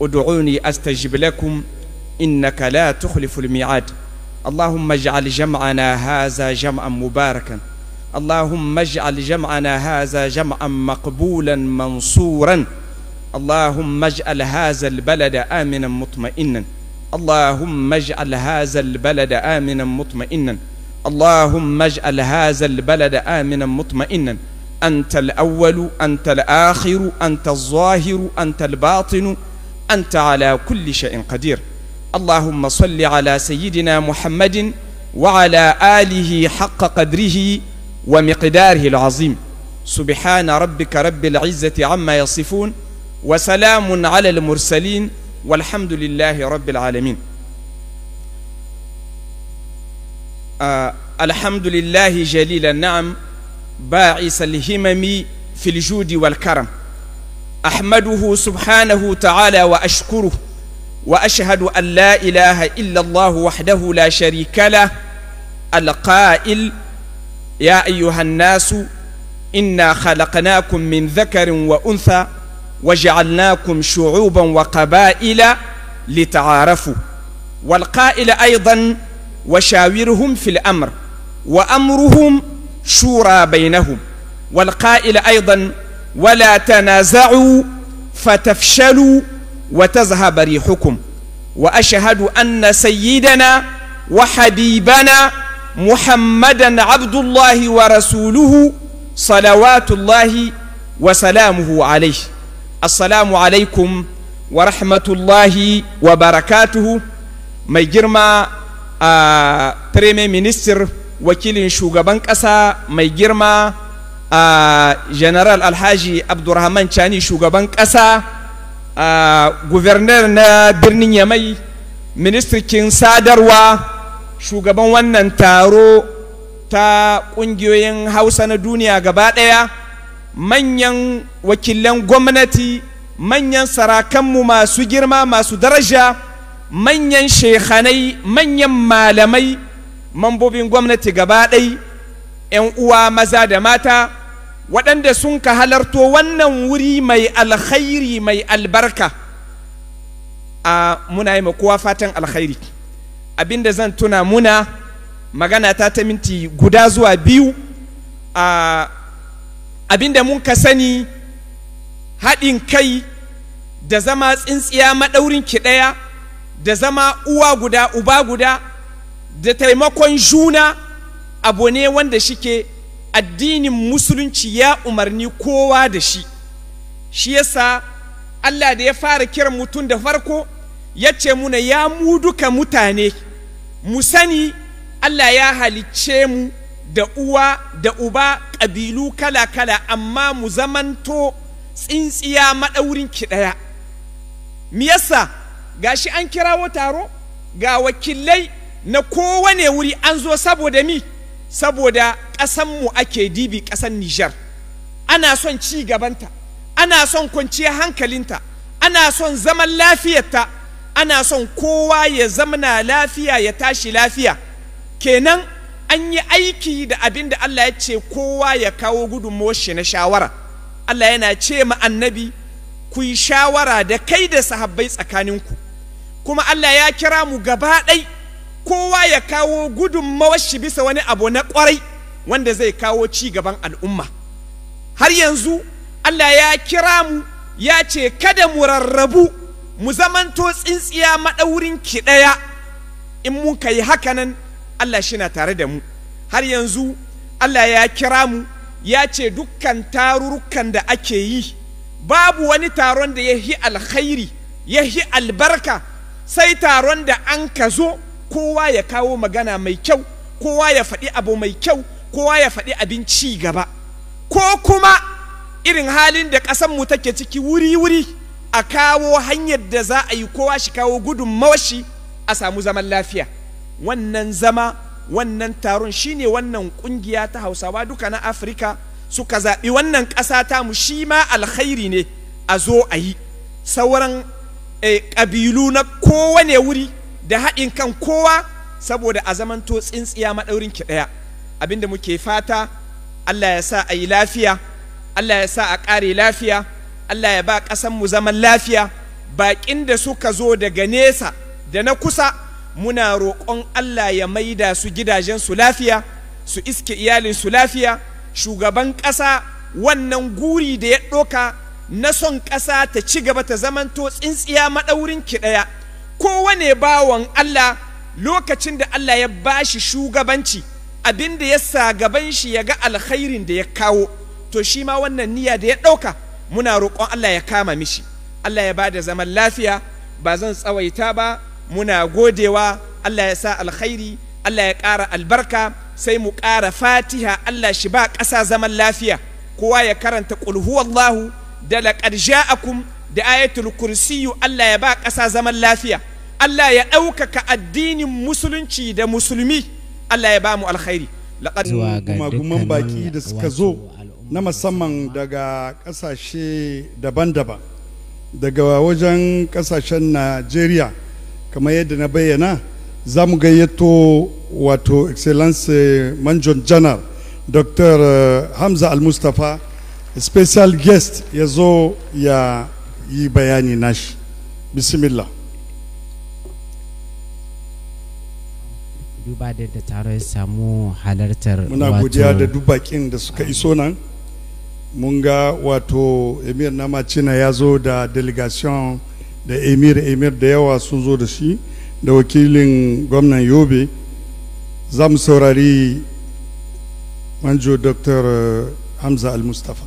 ادعوني أستجب لكم إنك لا تخلف الميعاد اللهم اجعل جمعنا هذا جمعا مباركا اللهم اجعل جمعنا هذا جمعا مقبولا منصورا اللهم اجعل هذا البلد آمنا مطمئنا اللهم اجعل هذا البلد آمنا مطمئنا اللهم اجعل هذا البلد آمنا مطمئنا أنت الأول أنت الآخر أنت الظاهر أنت الباطن أنت على كل شيء قدير اللهم صل على سيدنا محمد وعلى آله حق قدره ومقداره العظيم سبحان ربك رب العزة عما يصفون وسلام على المرسلين والحمد لله رب العالمين آه الحمد لله جليل النعم باعث الهمم في الجود والكرم أحمده سبحانه تعالى وأشكره وأشهد أن لا إله إلا الله وحده لا شريك له القائل يا أيها الناس إنا خلقناكم من ذكر وأنثى وجعلناكم شعوبا وقبائل لتعارفوا والقائل أيضا وشاورهم في الأمر وأمرهم شورى بينهم والقائل أيضا ولا تنازعوا فتفشلوا وتذهب ريحكم واشهد ان سيدنا وحبيبنا محمدا عبد الله ورسوله صلوات الله وسلامه عليه السلام عليكم ورحمه الله وبركاته mai girma a منستر وكيل wakilin shugaban ƙasa a ah, general alhaji abdurrahman chani shugaban kasa a ah, guvernar na birnin yamai ministrikin sadarwa shugaban wannan taro ta kungiyoyin hausa na duniya gaba daya manyan wakilan gwamnati manyan sarakanmu masu girma masu daraja manyan shekhanai manyan malamai mambobin gwamnati gaba ɗai 'yan uwa maza da mata waɗanda sun ka halarto wannan wuri mai alkhairi mai albarka a muna yi kowa fatan alkhairi abinda zan tuna muna magana ta ta minti guda zuwa biyu a abinda mun ka sani haɗin kai da zama tsintsiya maɗaurin ki ɗaya da zama uwa guda uba guda da taimakon juna abu ne wanda shike addinin musulunci ya umarni kowa da shi shi yasa Allah da ya fara kiran mutum da farko ya ce muna ya mu duka mutane mu sani Allah ya halicce mu da uwa da uba ƙabilu kala-kala amma mu zamanto tsintsiya maɗaurin ki ɗaya me yasa shi an kirawo taro ga wakilai na kowane wuri an zo saboda mi saboda ƙasanmu ake dibi ƙasan Nijar ana son ci gabanta ana son kwanciyar hankalinta ana son zaman lafiyarta ana son kowa ya zamana lafiya ya tashi lafiya kenan an yi aiki da abinda Allah ya ce kowa ya kawo gudunmuwar shi na shawara Allah yana ce ma annabi ku yi shawara da kai da sahabbai tsakaninku kuma Allah ya kira mu gaba ɗai kowa ya kawo gudunmawar shi bisa wani abu na kwarai wanda zai kawo ci gaban al'umma har yanzu Allah ya kira mu ya ce kada mu rarrabu mu zamanto tsintsiya maɗaurin ki ɗaya in mun ka yi hakanan Allah shi na tare da mu har yanzu Allah ya kira mu ya ce dukkan tarurrukan da ake yi babu wani taron da ya yi alkhairi ya yi albarka sai taron da an ka zo kowa ya kawo magana mai kyau kowa ya faɗi abu mai kyau kowa ya faɗi abin ci gaba ko kuma irin halin da ƙasanmu take ciki wuri-wuri a kawo hanyar da za a yi kowa shi kawo gudun mawashi, a samu zaman lafiya wannan zama wannan taron shine wannan ƙungiya ta hausawa duka na afirka suka zaɓi wannan ƙasa ta mu shi ma alkhairi ne a zo a yi sauran eh, ƙabilu na kowane wuri da haɗin kan kowa saboda a zamanto tsintsiya maɗaurin ki ɗaya abinda muke fata Allah ya sa a yi lafiya Allah ya sa a ƙare lafiya Allah ya ba ƙasan mu zaman lafiya baƙin da suka zo daga nesa da na kusa muna roƙon Allah ya maida su gidajen su lafiya su iske iyalin su lafiya shugaban ƙasa wannan guri da ya ɗoka na son ƙasa ta ci gaba ta zamanto tsintsiya maɗaurin ki ɗaya kowane bawan Allah lokacin da Allah ya ba shi shugabanci abin da ya sa gaban shi ya ga alkhairin da ya kawo to shi ma wannan niyya da ya ɗauka muna roƙon Allah ya kama mishi Allah ya ba da zaman lafiya ba zan tsawaita ba muna godewa Allah ya sa alkhairi Allah ya ƙara albarka sai mu ƙara fatiha Allah shi ba ƙasa zaman lafiya kowa ya karanta ƙulhuwallahu da laƙar ja'akum da ayatul kursiyu Allah ya ba ƙasa zaman lafiya Allah ya ɗaukaka addinin musulunci da musulmi Allah ya ba mu alkhairi magumman baki da suka zo na musamman daga ƙasashe daban-daban daga wajen ƙasashen Najeriya kamar yadda na bayyana za mu gayyato wato excellence manjon janar dr eh, hamza al-mustapha special guest ya zo ya yi bayani nashi bismillah duba da da taro ya samu halartar muna godiya da dubakin da suka iso nan mun ga wato emir namacina ya zo da delegation da emir emir da yawa sun zo da shi da wakilin gwamnan yobe za mu saurari manjo dr hamza al-mustafa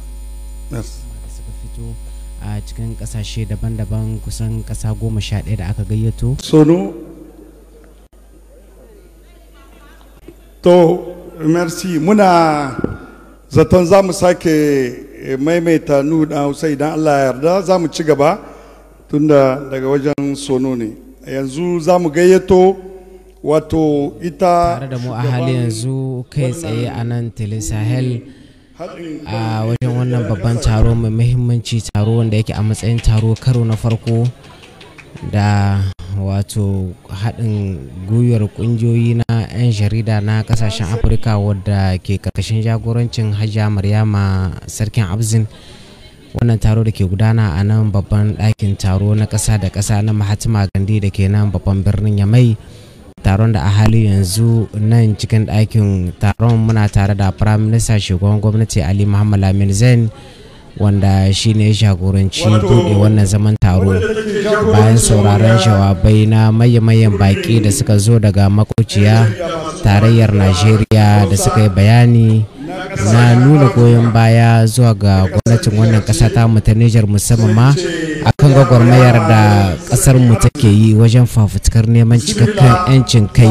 a cikin kasashe daban-daban kusan kasa goma sha ɗaya da aka gayyato sono to merci muna zaton za mu sake eh, maimaita nuna hausa idan allah ya yarda za mu ci gaba tunda daga wajen sono ne yanzu za mu gayyato wato ita tare da mu a hali yanzu kai tsaye a nan telesahel sahel a wajen wannan babban taro mai muhimmanci taro wanda yake a matsayin taro karo na farko da wato haɗin gwiwar ƙungiyoyi na 'yan jarida na ƙasashen afirka wadda ke ƙarƙashin jagorancin hajja maryama sarkin abzin wannan taro da ke gudana a nan babban ɗakin taro na ƙasa da ƙasa na mahatma gandhi da ke nan babban birnin yamai taron da a hali yanzu nan cikin ɗakin taron muna tare da prime minister shugaban gwamnati ali muhammad lamin zain wanda shi ne jagoranci buɗe wannan zaman taro bayan sauraron jawabai na maye-mayen baƙi da suka zo daga makociya tarayyar najeriya da suka yi bayani na nuna goyon baya zuwa ga gwamnatin wannan ƙasa ta mu ta nijar musamman ma a kan gwagwarmayar da ƙasar mu take yi wajen fafutukar neman cikakken 'yancin kai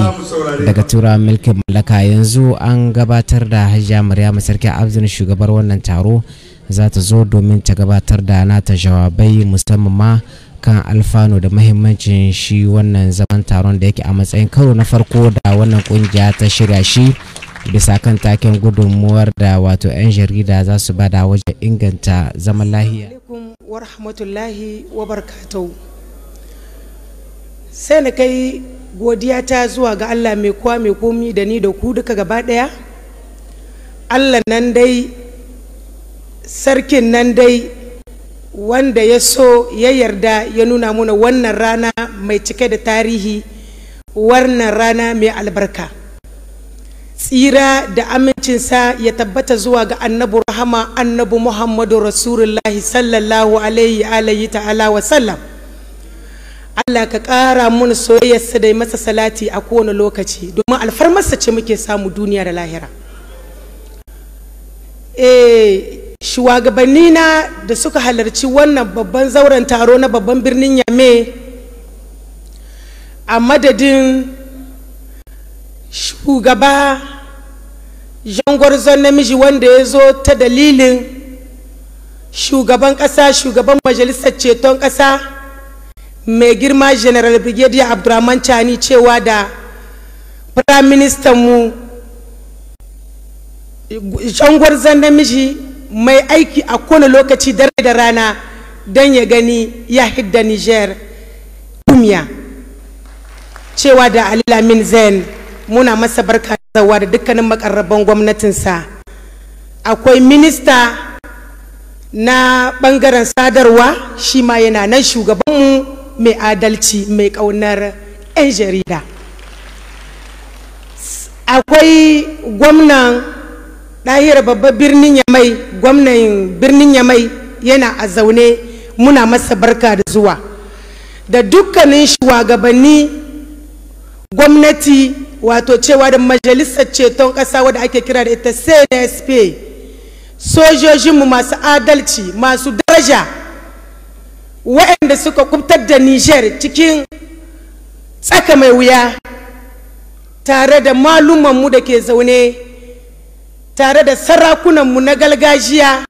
daga tura mulkin mallaka yanzu an gabatar da hajjia maryam sarki abdul shugabar wannan taro za ta zo domin ta gabatar da nata jawabai musamman ma kan alfano da mahimmancin shi wannan zaman taron da yake a matsayin karo na farko da wannan kungiya ta shirya shi bisa kan taken gudunmuwar da wato 'yan jarida za su bada wajen inganta zaman lahiya. sai na kai godiya ta zuwa ga allah mai kwa mai komi da ni da ku duka gaba daya allah nan dai sarkin nan dai wanda ya so ya yarda ya nuna muna wannan rana mai cike da tarihi wannan rana mai albarka tsira da amincinsa ya tabbata zuwa ga annabu rahama annabu muhammadu rasulullahi sallallahu alaihi alayhi ta'ala wa sallam Allah ka ƙara mun soyayyarsa da masa salati a kowane lokaci domin alfarmarsa ce muke samu duniya da lahira eh, shugabanni na da suka halarci wannan babban zauren taro na babban birnin yame a madadin shugaba jangwarzon namiji wanda ya zo ta dalilin shugaban kasa shugaban majalisar ceton kasa mai girma general brigadier abdurrahman chani cewa da prime minister mu jangwarzon namiji mai aiki a kowane lokaci dare da rana don ya gani ya hidda niger kumiya cewa da alilamin zain muna masa barka zawa da dukkanin makarraban gwamnatinsa akwai minista na bangaren sadarwa shi ma yana nan shugabanmu mai adalci mai kaunar 'yan jarida akwai gwamnan ɗahira babban birnin yamai gwamnan birnin yamai yana a zaune muna masa barka da zuwa da dukkanin shugabanni gwamnati wato cewa da majalisar ceton ƙasa wadda ake kira da ita cnsp sojojinmu masu adalci masu daraja waɗanda suka kubtar da niger cikin tsaka mai wuya tare da malumanmu da ke zaune tare da sarakunanmu na galgajiya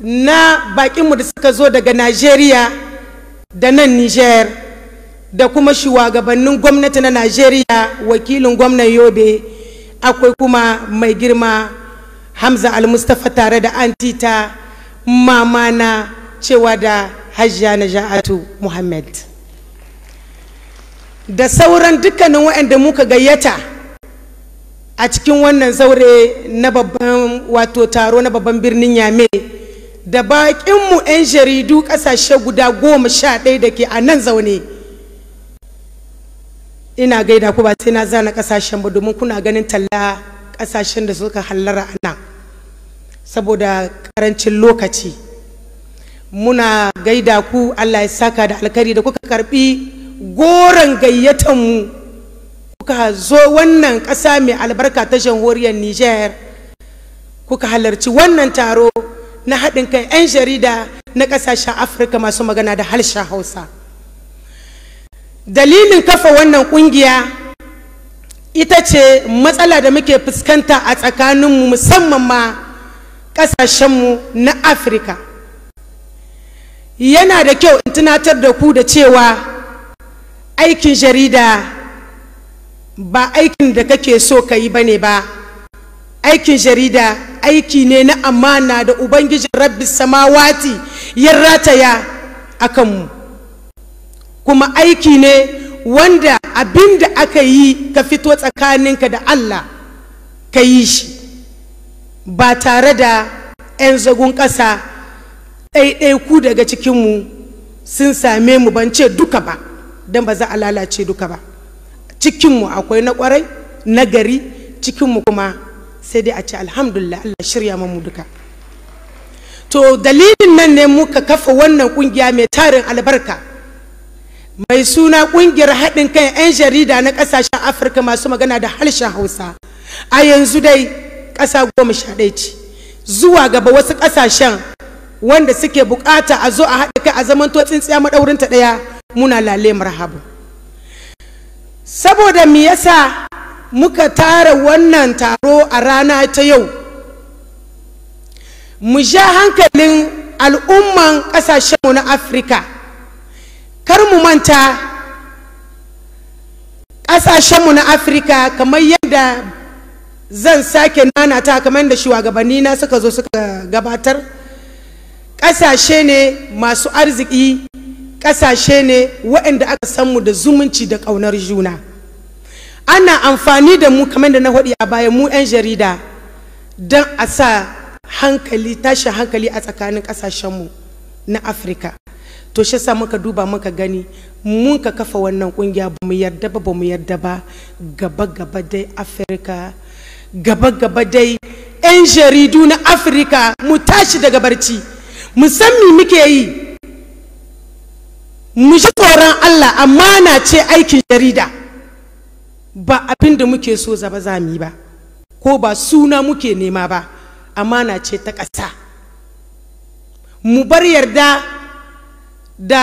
na bakinmu da suka zo daga Najeriya da nan Niger da kuma shugabannin gwamnati na Najeriya wakilin gwamnan Yobe akwai kuma mai girma Hamza Al-Mustafa tare da antita mamana cewa da Hajiya najatu Muhammad da sauran dukkanin waɗanda muka gayyata a cikin wannan zaure na babban wato taro na babban birnin yame da bakinmu 'yan jaridu kasashe guda goma sha ɗaya da ke a nan zaune ina gaida ku ba sai na zana kasashen ba domin kuna ganin talla kasashen da suka hallara a nan saboda karancin lokaci muna gaida ku allah ya saka da alkari da kuka karbi goron gayyatanmu mu kuka zo wannan ƙasa mai albarka ta jamhuriyar niger kuka halarci wannan taro na haɗin kan 'yan jarida na ƙasashen afirka masu magana da harshen hausa dalilin kafa wannan ƙungiya ita ce matsala da muke fuskanta a tsakaninmu musamman ma ƙasashenmu na afirka yana da kyau in tunatar da ku da cewa aikin jarida ba aikin da kake so ka yi bane ba aikin jarida aiki ne na amana da ubangijin rabbi samawati ya rataya a kanmu kuma aiki ne wanda abin da aka yi ka fito tsakaninka da allah ka yi shi ba tare da 'yan zagon ƙasa ɗaiɗaiku daga cikinmu sun same mu ban ce duka ba don ba za a lalace duka ba cikinmu akwai na kwarai na gari cikinmu kuma sai dai a ce alhamdulillah Allah shirya mu duka to dalilin nan ne muka kafa wannan kungiya mai tarin albarka mai suna kungiyar haɗin kan 'yan jarida na ƙasashen afirka masu magana da harshen hausa a yanzu dai ƙasa goma sha ɗaya ce zuwa gaba wasu ƙasashen wanda suke bukata a zo a haɗa kai a zamanto tsintsiya maɗaurinta ɗaya muna lalemar marhabu saboda me yasa muka tara wannan taro a rana ta yau mu sha hankalin al'umman ƙasashenmu na afirka kar mu manta ƙasashenmu na afirka kamar yadda zan sake nanata kamar yadda shugabanni na suka zo suka gabatar ƙasashe ne masu arziki ƙasashe ne waɗanda aka san mu da zumunci da ƙaunar juna ana amfani da mu kamar da na haɗi a baya mu 'yan jarida don a sa hankali tashi hankali a tsakanin ƙasashenmu na afirka to shi sa muka duba muka gani mun ka kafa wannan ƙungiya ba mu yarda ba mu yarda ba gaba gaba dai afirka gaba gaba dai yan jaridu na afirka mu tashi daga barci mu san me muke yi mu ji tsoron Allah amana ce aikin jarida ba abin da muke so zaba za mu yi ba ko ba suna muke nema ba amana ce ta ƙasa mu bar yarda da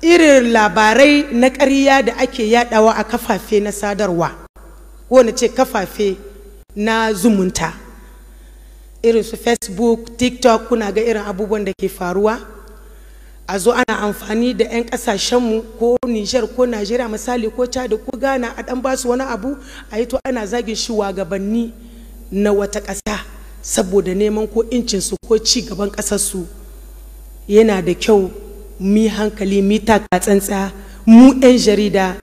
irin labarai na ƙarya da ake yaɗawa a kafafe na sadarwa ko na ce kafafe na zumunta irin su facebook tiktok kuna ga irin abubuwan da ke faruwa a zo ana amfani da 'yan mu ko nijar ko najeriya misali ko chad ko ghana a dan basu wani abu a yi to ana zagin shi wagabanni na wata ƙasa saboda neman ko incinsu ko ci gaban ƙasarsu yana da kyau mi hankali mi taka tsantsa mu 'yan jarida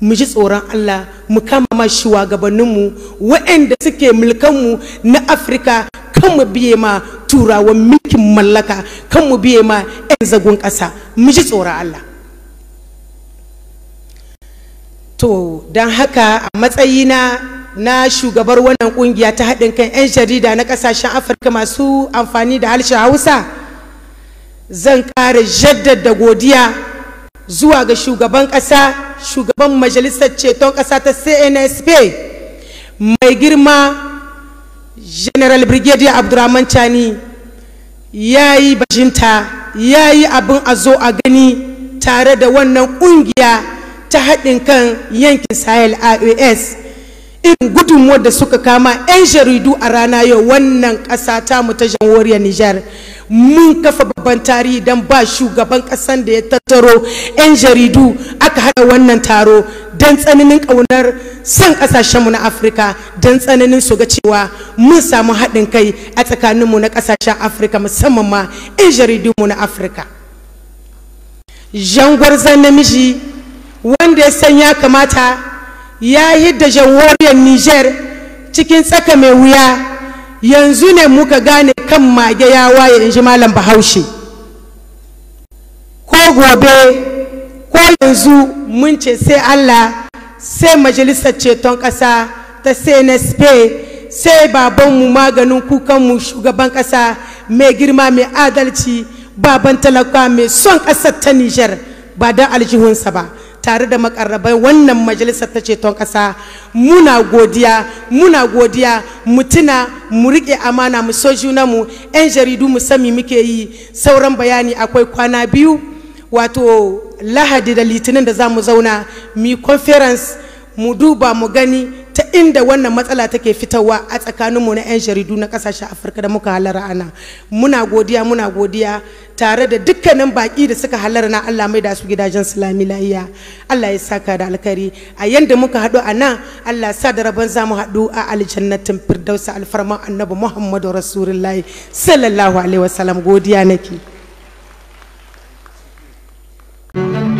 mu ji tsoron Allah mu kama ma shugabanninmu waɗanda suke mulkanmu na Afirka kan mu biye ma turawan mulkin mallaka kan mu biye ma 'yan zagon ƙasa mu ji tsoron Allah to don haka a matsayina na shugabar wannan kungiya ta haɗin kan 'yan jarida na ƙasashen afirka masu amfani da harshen hausa zan ƙara jaddada godiya zuwa ga shugaban ƙasa shugaban majalisar ceton ƙasa ta cnsp mai girma general brigadier abdurrahman chani yayi yi bashinta ya abin a zo a gani tare da wannan ƙungiya ta haɗin kan yankin sahel ios irin gudunmuwar da suka kama 'yan jaridu a rana yau wannan ƙasa ta mu ta jamhuriyar nijar mun kafa babban tarihi don ba shugaban ƙasan da ya tattaro 'yan jaridu aka haɗa wannan taro don tsananin ƙaunar son kasashenmu na afirka don tsananin su ga cewa mun samu haɗin kai a tsakaninmu na kasashen afirka musamman ma 'yan jaridunmu na afirka jangwarzan namiji wanda ya san ya kamata ya yi da jawariyar niger cikin tsaka mai wuya yanzu ne muka gane kan mage ya waye in ji malam bahaushe ko gobe ko yanzu mun ce sai allah sai majalisar ceton ƙasa ta cnsp sai babanmu maganin kukanmu shugaban ƙasa mai girma mai adalci baban talaka mai son ƙasar ta nijar ba don aljihunsa ba tare da makarrabai wannan majalisar ta ceton ƙasa muna godiya muna godiya mutuna mu riƙe amana mu so junanmu 'yan jaridu mu sami muke yi sauran bayani akwai kwana biyu wato lahadi da litinin da za mu zauna mu conference mu duba mu gani ta inda wannan matsala take fitowa a tsakaninmu na 'yan jaridu na kasashen afirka da muka halara ana muna godiya muna godiya tare da dukkanin baki da suka halara na allah mai da su gidajen sulami lahiya allah ya saka da alkari a yanda muka haɗu a nan allah sa da rabon za mu haɗu a aljannatin firdausa alfarma annabi muhammadu rasulullahi sallallahu alaihi wasallam godiya nake Thank mm-hmm. you.